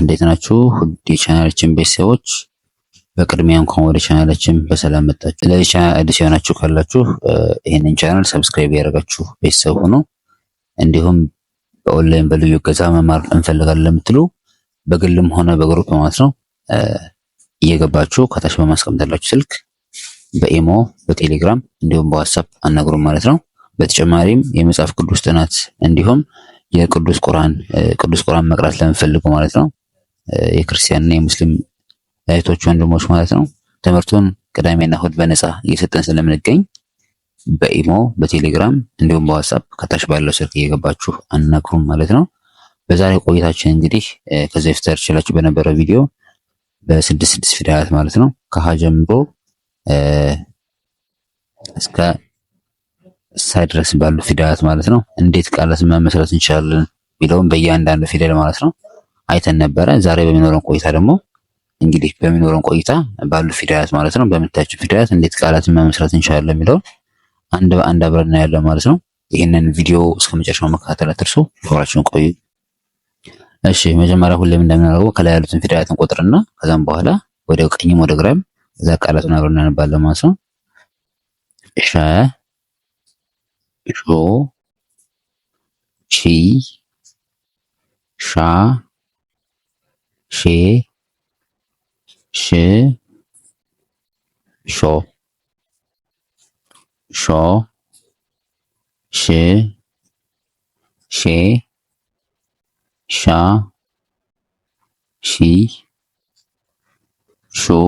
እንዴት ናችሁ? የቻናላችን ቤተሰቦች በቅድሚያ እንኳን ወደ ቻናላችን በሰላም መጣችሁ። ለዚህ ቻናል አዲስ የሆናችሁ ካላችሁ ይህንን ቻናል ሰብስክራይብ ያደረጋችሁ ቤተሰብ ሆኖ እንዲሁም በኦንላይን በልዩ እገዛ መማር እንፈልጋለን ለምትሉ በግልም ሆነ በግሩፕ ማለት ነው እየገባችሁ ከታች በማስቀምጠላችሁ ስልክ በኢሞ በቴሌግራም እንዲሁም በዋትሳፕ አናግሩም ማለት ነው። በተጨማሪም የመጽሐፍ ቅዱስ ጥናት እንዲሁም የቅዱስ ቁርአን ቅዱስ ቁርአን መቅራት ለምፈልጉ ማለት ነው የክርስቲያንና የሙስሊም እህቶች ወንድሞች ማለት ነው ትምህርቱን ቅዳሜና እሁድ በነፃ እየሰጠን ስለምንገኝ በኢሞ በቴሌግራም እንዲሁም በዋትሳፕ ከታች ባለው ስልክ እየገባችሁ አናግሩም ማለት ነው። በዛሬ ቆይታችን እንግዲህ ከዚህ በፊት ሰርችላችሁ በነበረው ቪዲዮ በስድስት ስድስት ፊደላት ማለት ነው ከሀ ጀምሮ እስከ ሳይድረስ ባሉ ፊደላት ማለት ነው እንዴት ቃላት መመስረት እንችላለን ቢለውም በእያንዳንዱ ፊደል ማለት ነው አይተን ነበረ። ዛሬ በሚኖረን ቆይታ ደግሞ እንግዲህ በሚኖረን ቆይታ ባሉ ፊደላት ማለት ነው በምታችሁ ፊደላት እንዴት ቃላትን መመስረት እንችላለን የሚለውን አንድ በአንድ አብረን እናያለን ማለት ነው። ይህንን ቪዲዮ እስከ መጨረሻው መከታተል አትርሱ። ፎራችሁን ቆዩ። እሺ መጀመሪያ ሁሌም እንደምናደርገው ከላይ ያሉትን ፊደላት እንቆጥርና ከዛም በኋላ ወደ ቀኝም ወደ ግራም እዛ ቃላቱን አብረን እናነባለን ማለት ነው። ሸ ሾ ሺ ሻ ሼ ሽ ሾ ሾ ሽ ሼ ሻ ሺ ሾ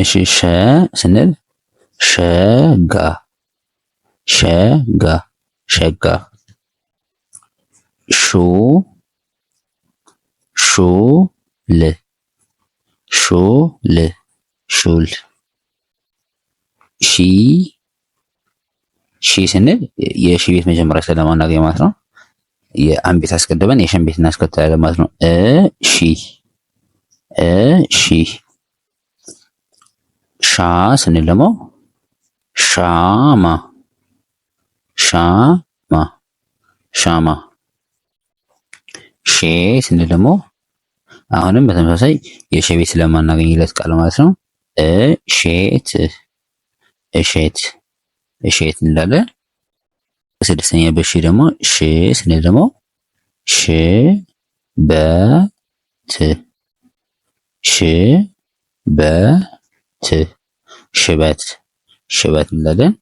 እሺ ሸ ስንል ሸጋ ሸጋ ሸጋ ሹ ሹል ሹል ሹል ሺ ሺ ስንል የሺ ቤት መጀመሪያ ስለማናገኝ ማለት ነው። የአን ቤት አስቀድመን የሸን ቤት እናስከትላለን ማለት ነው። እ ሺ እ ሺ ሻ ስንል ደግሞ ሻማ ሻማ ሻማ ሼ ስንል ደግሞ አሁንም በተመሳሳይ የሸቤት ቤት ስለማናገኝለት ቃል ማለት ነው። እሼት እሼት እሼት እንላለን። ስድስተኛ በሺ ደግሞ ሽ ስንል ደግሞ ሽ በት ሽ በት ሽበት ሽበት እንላለን።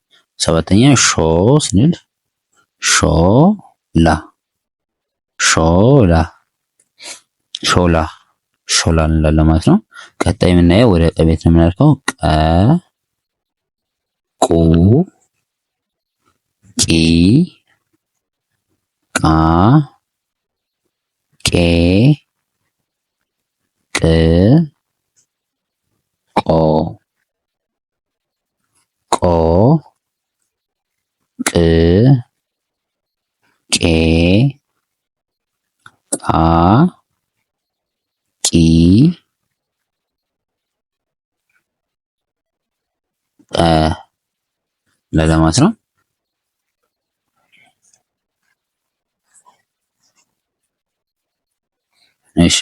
ሰባተኛ ሾ ስንል ሾ ላ ሾ ላ እንላለን ማለት ነው። ቀጣይ የምናየው ወደ ቀቤት ቤት ነው የምናልፈው። ቀ ቁ ቂ ቃ ቄ ቅ ቆ ቆ ቄ ቃ ቂ ጠ ለለማት ነው። እሺ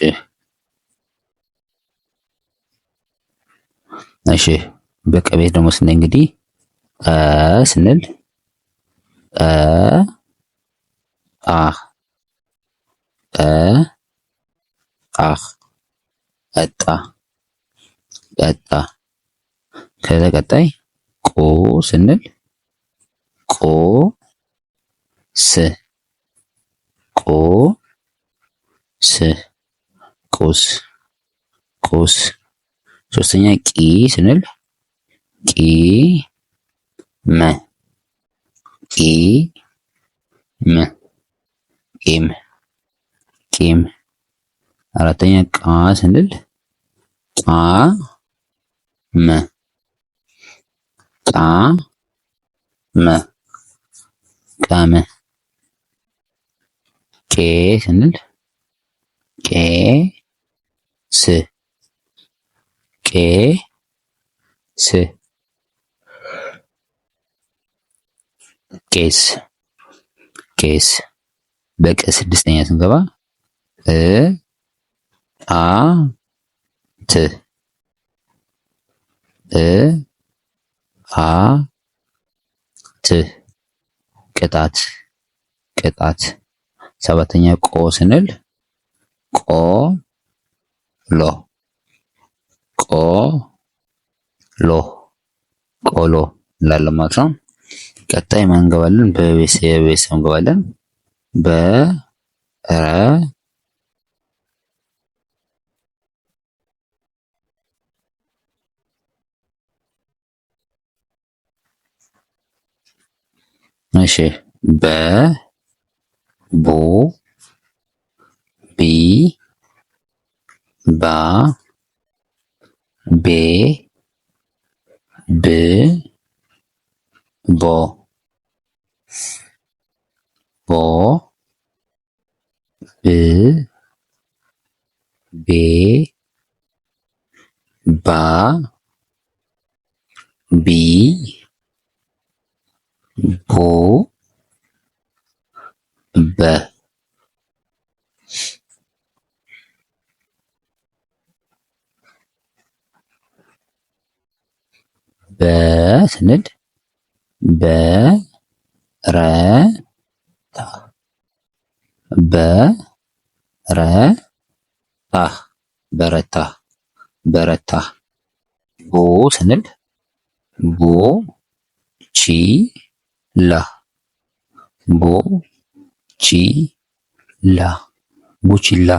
እሺ በቀ ቤት ደግሞ ስንል እንግዲህ ስንል አ አህ አ አህ ቀጣ ቀጣ ከዛ ቀጣይ ቆ ስንል ቆ ስ ቆ ስ ቁስ ቁስ ሶስተኛ ቂ ስንል ቂ መ ቂም ቂም ቂም። አራተኛ ቃ ስንል ቃ መ ቃ መ ቃመ። ቄ ስንል ቄ ስ ቄ ስ ቄስ ቄስ በቀ ስድስተኛ ስንገባ እ አ ት እ አ ት ቅጣት ቅጣት። ሰባተኛ ቆ ስንል ቆ ሎ ቆ ሎ ቆሎ እንላለን ማለት ነው። ቀጣይ ማን እንገባለን? በቤተሰብ እንገባለን። በረ እሺ በ ቦ ቢ ባ ቤ ብ ব ব বে বে বা বি বো ব በስንል በረታ በረታ በረታ በረታ ቦ ስንል ቦ ቺ ላ ቦ ቺ ላ ቡችላ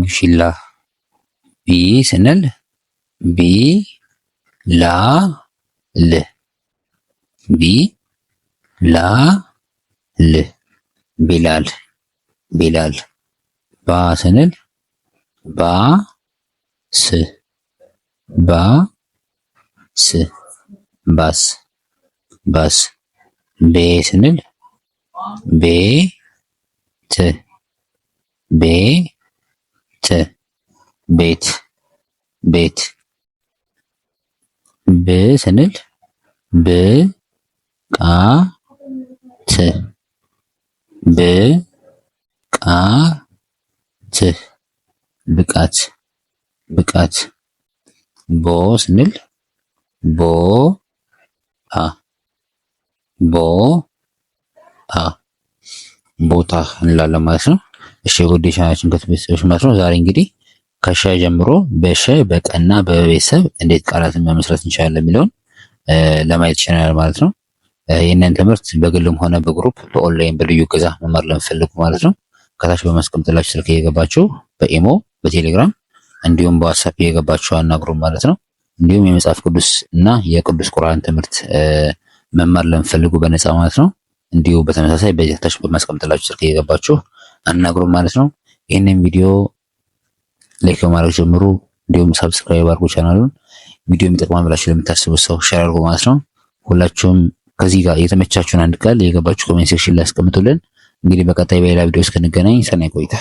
ቡችላ ቢ ስንል ቢ ላ ል ቢላል ቢላል ቢላል ባ ስንል ባ ስ ባ ስ ባስ ባስ ቤ ስንል ቤ ት ቤ ት ቤት ቤት ብ ስንል ብ ቃ ብቃት ብቃት ብቃት ቦ ስንል ቦ አ ቦ አ ቦታ እንላለን ማለት ነው። እሺ ውድ የቻናላችን ማለት ነው ዛሬ እንግዲህ ከሸ ጀምሮ በሸ በቀና በቤተሰብ እንዴት ቃላትን መመስረት እንችላለን የሚለውን ለማየት ይችላል ማለት ነው። ይህንን ትምህርት በግልም ሆነ በግሩፕ በኦንላይን በልዩ ገዛ መማር ለምፈልጉ ማለት ነው ከታች በማስቀምጥላችሁ ስልክ እየገባችሁ በኢሞ በቴሌግራም እንዲሁም በዋትሳፕ እየገባችሁ አናግሩ ማለት ነው። እንዲሁም የመጽሐፍ ቅዱስ እና የቅዱስ ቁርአን ትምህርት መማር ለምፈልጉ በነፃ ማለት ነው። እንዲሁ በተመሳሳይ በታች ታች በማስቀምጥላችሁ ስልክ እየገባችሁ አናግሩ ማለት ነው። ይህንን ቪዲዮ ላይክ በማድረግ ጀምሩ። እንዲሁም ሰብስክራይብ አድርጉ ቻናሉን። ቪዲዮ የሚጠቅማ ብላችሁ ለምታስቡ ሰው ሸር አድርጉ ማለት ነው። ሁላችሁም ከዚህ ጋር የተመቻችሁን አንድ ቃል የገባችሁ ኮሜንት ሴክሽን ላይ አስቀምጡልን። እንግዲህ በቀጣይ በሌላ ቪዲዮ እስክንገናኝ ሰናይ ቆይታ